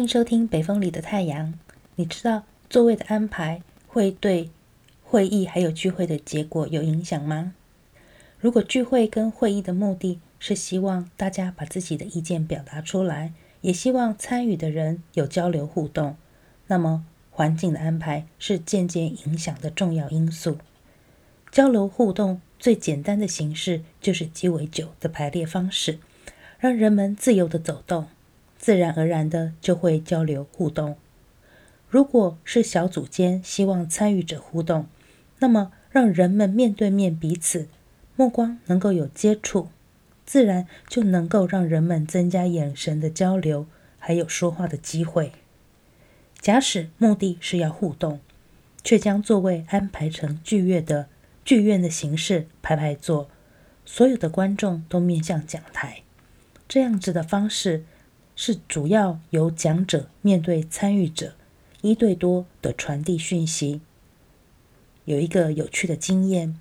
歡迎收聽《北風裡的太陽》。你知道座位的安排會對會議還有聚會的結果有影響嗎？如果聚會跟會議的目的是希望大家把自己的意見表達出來，也希望參與的人有交流互動，那麼環境的安排是間接影響的重要因素。交流互動最簡單的形式就是雞尾酒的排列方式，讓人們自由地走動。自然而然的就會交流互動。如果是小組間希望參與者互動，那麼讓人們面對面彼此，目光能夠有接觸，自然就能夠讓人們增加眼神的交流，還有說話的機會。假使目的是要互動，卻將座位安排成劇院的劇院的形式，排排坐，所有的觀眾都面向講台，這樣子的方式。是主要由講者面對參與者，一對多的傳遞訊息。有一個有趣的經驗，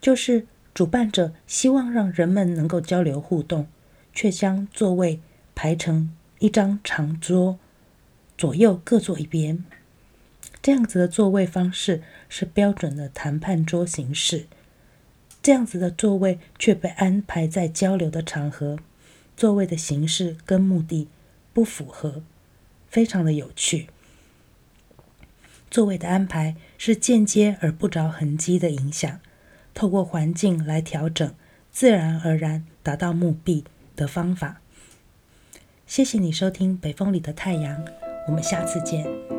就是主辦者希望讓人們能夠交流互動，卻將座位排成一張長桌，左右各坐一邊。這樣子的座位方式是標準的談判桌形式。這樣子的座位卻被安排在交流的場合，座位的形式跟目的。不符合，非常的有趣。座位的安排是間接而不着痕跡的影響，透過環境來調整，自然而然達到目的的方法。謝謝你收聽《北風裡的太陽》，我們下次見。